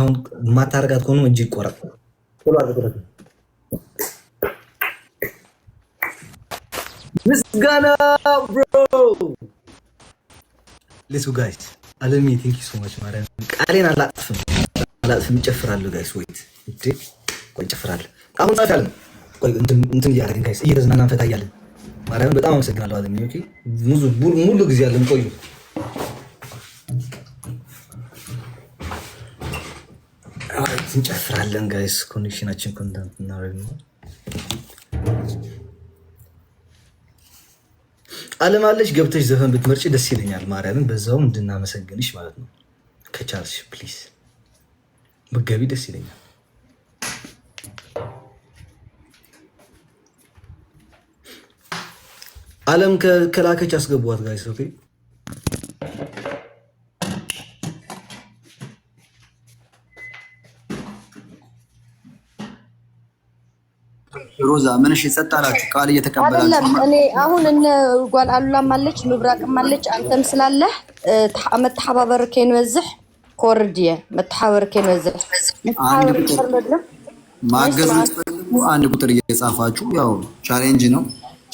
ሁን ማታረጋት ከሆኑ እጅ ይቆረጥ። ምስጋና ብሮ ሌሱ ጋይስ አለሚ ቴንክ ዩ ሶ ማች ማርያም ቃሌን አላጥፍም አላጥፍም፣ እጨፍራለሁ ጋይስ። ወይት እዴ ቆይ እጨፍራለሁ አሁን ጻፍ ያለ ቆይ እንትን እያደረግን ጋይስ እየተዝናናን ፈታ እያለን ማርያምን በጣም አመሰግናለሁ አለሚ። ኦኬ ሙሉ ጊዜ ያለን ቆዩ እንጨፍራለን ጋይስ። ኮኔክሽናችን ኮንታንት እናደርግ ነው። አለም አለች ገብተሽ ዘፈን ብትመርጭ ደስ ይለኛል። ማርያምን በዛውም እንድናመሰግንሽ ማለት ነው። ከቻልሽ ፕሊስ ብትገቢ ደስ ይለኛል። አለም ከላከች አስገቧት ጋይስ። ኦኬ ሮዛ ምንሽ ጸጥ አላችሁ? ቃል እየተቀበላችሁ እኔ አሁን እነ ጓል አሉላም አለች ምብራቅም አለች አንተም ስላለህ መተሓባበር ከይንበዝሕ ኮርድየ መተሓባበር ከይንበዝሕ ማገዝ አንድ ቁጥር እየጻፋችሁ ያው ቻሌንጅ ነው።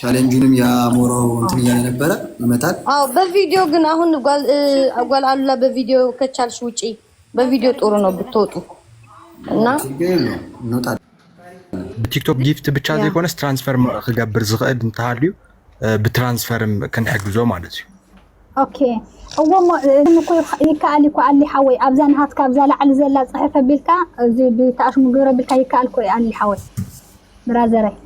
ቻሌንጁንም የአሞራው እንትን እያለ ነበረ ይመታል። አዎ በቪዲዮ ግን አሁን ጓል አሉላ በቪዲዮ ከቻልሽ ውጪ በቪዲዮ ጥሩ ነው ብትወጡ እና እንወጣለን ብቲክቶክ ጊፍት ብቻ ዘይኮነስ ትራንስፈር ክገብር ዝኽእል እንተሃልዩ ብትራንስፈርም ክንሕግዞ ማለት እዩ ኦኬ ሞ እኮ ይከኣል ኳ ኣሊሓ ወይ ኣብዛ ንሃትካ ኣብዛ ላዕሊ ዘላ ፅሕፈ ቢልካ እዚ ብተኣሽሙ ግብረ ቢልካ ይከኣል ኮ ኣሊሓ ወይ ብራዘረይ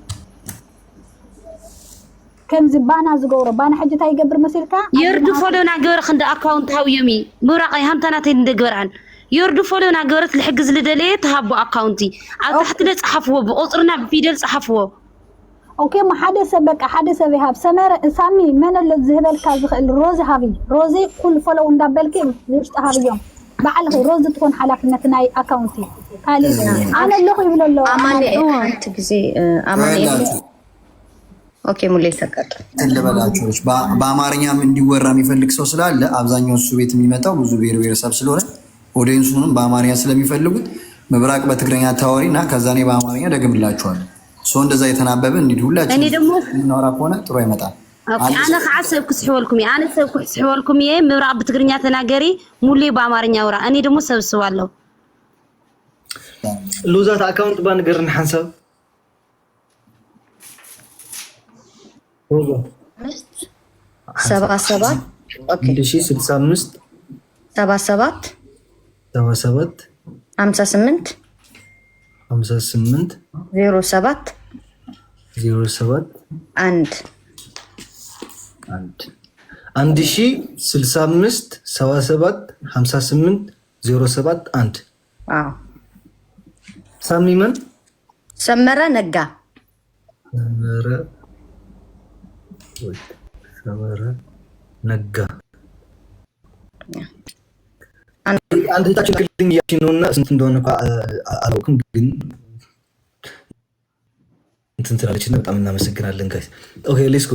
ከምዚ ባና ዝገብሮ ባና ሕጂ እንታይ ይገብር መሲልካ የርዱ ፈሎና ግብረ ክንደ ኣካውንት ሃብዮም ሃውዮሚ ምብራቀይ ሃምታናተይ ንደግበርዓን يوردو فولዮ ናገረት ልሕግዝ ዝለደለየ ተሃቦ ኣካውንቲ ኣብ ታሕቲ ለፀሓፍዎ ብቆፅርና ብፊደል ፀሓፍዎ ኦኬ ማ ሓደ ሰብ በቃ ሓደ ሰብ ይሃብ ሰመረ ሳሚ መን ኣሎ ዝህበልካ ዝኽእል ሮዚ ሃቢ ሮዚ ኩሉ ፈለው እንዳበልኪ ውሽጢ ሃብዮም ባዕልኺ ሮዚ ትኾን ሓላፍነት ናይ ኣካውንቲ ካልእ ኣነ ኣለኹ ይብሎ ኣሎ ኣማኒ ሓንቲ ግዜ ኣማኒ ኦኬ ሙሌ ሰቀጥ ልበላችሁች በአማርኛም እንዲወራ የሚፈልግ ሰው ስላለ አብዛኛው እሱ ቤት የሚመጣው ብዙ ብሔር ብሔረሰብ ስለሆነ ኦዲየንሱንም በአማርኛ ስለሚፈልጉት ምብራቅ በትግረኛ ታወሪ እና ከዛ እኔ በአማርኛ ደግምላችኋለሁ። ሶ እንደዛ የተናበበ እንዲ ሁላችን እናወራ ከሆነ ጥሩ አይመጣም። ኣነ ከዓ ሰብ ክስሕበልኩም እየ ኣነ ሰብ ክስሕበልኩም እየ ምብራቅ ብትግርኛ ተናገሪ ሙሉይ ብኣማርኛ ውራ እኔ ደግሞ ሰብስብ ኣለው ሉዛት ኣካውንት ባ ንገር ንሓንሰብ ሰባ ሰባት ሰባ ሰባት ሰባ 58 58 ስምንት ሀምሳ ስምንት ዜሮ አንድ አንድ አንድ ሺ ስልሳ አምስት ሰባ ሰባት ሀምሳ ስምንት ዜሮ ሰባት አንድ ሳሚመን ሰመረ ነጋ ሰመረ ነጋ አንድ እህታችን ክልኝ ያችን ነውና ስንት እንደሆነ አላውቅም፣ ግን እንትን ትላለች እና በጣም እናመሰግናለን። ጋይስ ኦኬ ሌትስ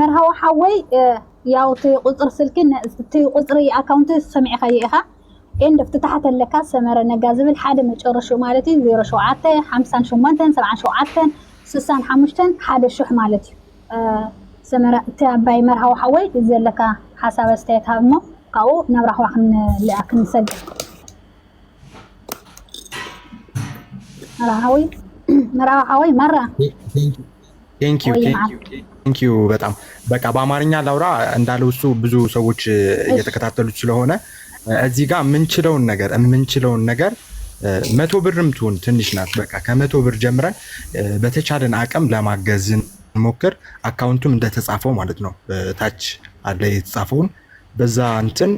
መርሃዋ ሓወይ ያው ቲ ቁፅሪ ስልኪ እቲ ቁፅሪ ኣካውንቲ ሰሚዕኸዮ ኢኻ ኤንድ ኣብቲ ኣለካ ሰመረ ነጋ ዝብል ሓደ መጨረሽኡ ማለት እዩ ዜሮ ሸውዓተ 07 58 77 65 ሓደ ሽሕ ማለት እዩ ሰመረ እቲ ኣባይ መርሃዊ ሓወይ ዘለካ ሓሳብ ኣስተያየት ሃብ ሞ ካብኡ ናብ ራኽባ ክንልኣ ክንሰግር መራኻወይ መራኻወይ መራ ንዩ በጣም በቃ በአማርኛ ላውራ እንዳለው እሱ ብዙ ሰዎች እየተከታተሉት ስለሆነ እዚህ ጋር የምንችለውን ነገር የምንችለውን ነገር መቶ ብርም ትሁን ትንሽ ናት። በቃ ከመቶ ብር ጀምረን በተቻለን አቅም ለማገዝ ሞክር። አካውንቱም እንደተጻፈው ማለት ነው ታች አለ የተጻፈውን በዛ እንትን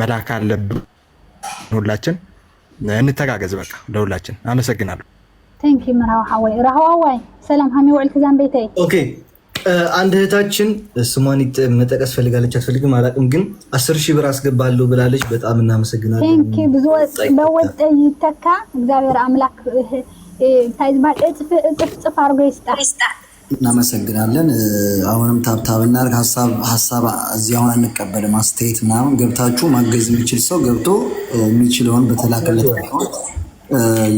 መላክ አለብን። ሁላችን እንተጋገዝ። በቃ ለሁላችን አመሰግናለሁ። ወይ መራሃዋይ ወይ ሰላም ሀሚ ውዕል ትዛን ቤተይ ኦኬ። አንድ እህታችን ስሟን መጠቀስ ፈልጋለች፣ አትፈልግም አላውቅም፣ ግን አስር ሺህ ብር አስገባለሁ ብላለች። በጣም እናመሰግናለን። ብዙ በወጥ ይተካ እግዚአብሔር አምላክ ታይዝባል። ዝበሃል እጥፍ እጥፍ ጽፍ አድርጎ ይስጣ እናመሰግናለን። አሁንም ታብታብ እናርግ። ሀሳብ እዚህ አሁን አንቀበልም። አስተያየት ምናምን ገብታችሁ ማገዝ የሚችል ሰው ገብቶ የሚችለውን በተላከለት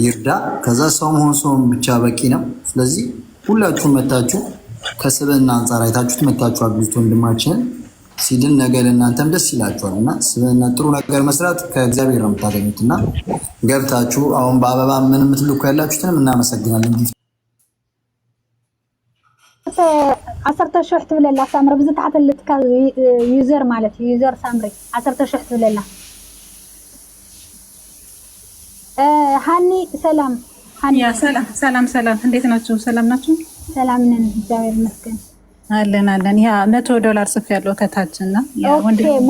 ይርዳ። ከዛ ሰው መሆን ሰውን ብቻ በቂ ነው። ስለዚህ ሁላችሁ መታችሁ ከስብዕና አንጻር አይታችሁት መታችሁ አግዙት ወንድማችንን ሲድን ነገ እናንተም ደስ ይላችኋል እና ስብዕና ጥሩ ነገር መስራት ከእግዚአብሔር ነው የምታገኙት እና ገብታችሁ አሁን በአበባ ምን የምትልኩ ያላችሁትንም እናመሰግናለን። ዓሰርተ ዓሰርተ ሽሕ ትብለላ ሳምሪ ብዚ ታሕተ ልትካ ዩዘር ማለት እዩ ዩዘር ሳምሪ ዓሰርተ ሽሕ ትብለላ ሃኒ ሰላም ሰላም ሰላም እንዴት ናችሁ? ሰላም ናችሁ? ሰላም ነን እግዚአብሔር ይመስገን አለን አለን። ያ መቶ ዶላር ጽፍ ያለው ከታች እና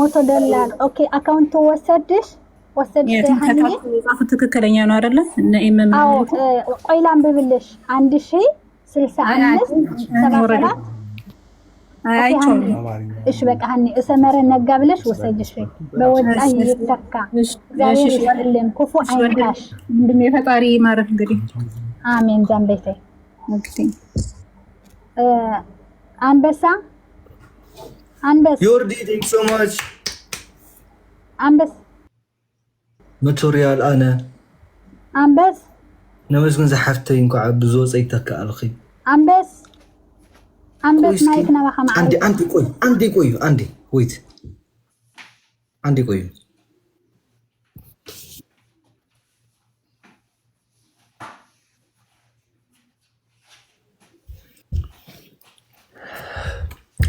መቶ ዶላር ኦኬ። አካውንቱ ወሰድሽ ወሰድሽ ትክክለኛ ነው አይደለ? ቆይላም ብብልሽ አንድ ሺህ ስልሳ እሺ በቃ ሀኒ እሰመረ ነጋ ብለሽ ወሰጅሽ በወጣኝ ይተካ እግዚአብሔር ይስጥልን፣ ክፉ አይንካሽ። እንግዲህ አሜን። አንበሳ ዮርዲ ቴንክ ሶ ማች አንበስ መቶሪያል አነ አንበስ ነመስግን ዝሓፍተይ እንኳ ብዝወፀይተካ ኣልኺ ኣንበስ ኣንበስ ማይ ክነበኻ መዓንቲ ኣንቲ ቆዩ ኣንቲ ቆዩ ኣንቲ ወይት ኣንቲ ቆዩ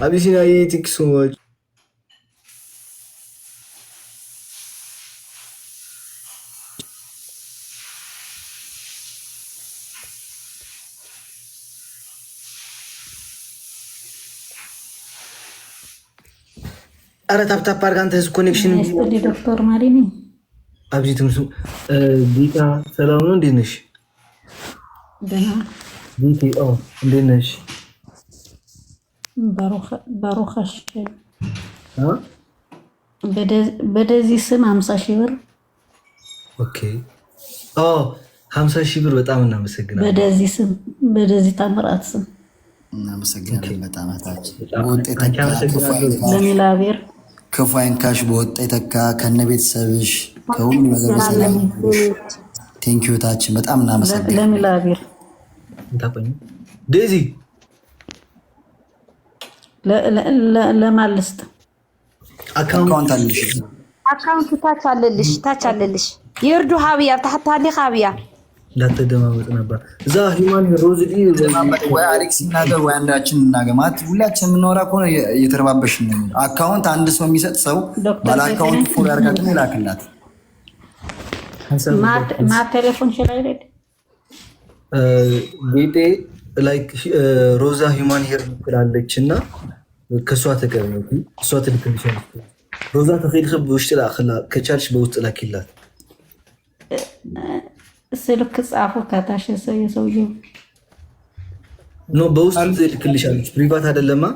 أبي سينا يتكسوج አረ ታፕታፕ አድርግ አንተ ኮኔክሽን ዶክተር ማሪ ነኝ። አብዚ ትምሱ ጌታ ሰላም ነው። እንዴት ነሽ? ጌቴ እንዴት ነሽ? ባሮካሽ በደዚህ ስም ሀምሳ ሺህ ብር ኦኬ። ሀምሳ ሺህ ብር በጣም እናመሰግናለን። በደዚህ ስም በደዚህ ታምራት ስም እናመሰግናለን። በጣም ታች ለሚላ ክፉ አይንካሽ፣ በወጣ የተካ ከነ ቤተሰብሽ ከሁሉ ነገር በሰላም ይሁንሽ። ቴንኪዩ ታችን በጣም እናመሰግናለን። ዴዚ አካውንት አለልሽ፣ አካውንቱ ታች አለልሽ፣ ታች አለልሽ። ይርዱ ሀብያ ብታሕታ ሀብያ እንዳትደማመጥ ነበር እዛ ሂማን ሮዝ ወይ አሌክስ ይናገር ወይ አንዳችን እናገር። ማለት ሁላችን የምንወራ ከሆነ እየተረባበሽ ነው። አካውንት አንድ ሰው የሚሰጥ ሰው ባለ አካውንት ፎሎ ያርጋት ይላክላት። ማ ላይክ ሮዛ ሂማን ሄር ትላለች እና ከእሷ ተቀበ እሷ ትልክልሻል። ሮዛ ተፈልክ ብውሽጢ ላክላ ከቻልሽ በውስጥ ላኪላት ስልክ ጻፉ ከታሽ የሰውየው ኖ በውስጥ ልክልሻለች። ፕሪቫት አይደለማ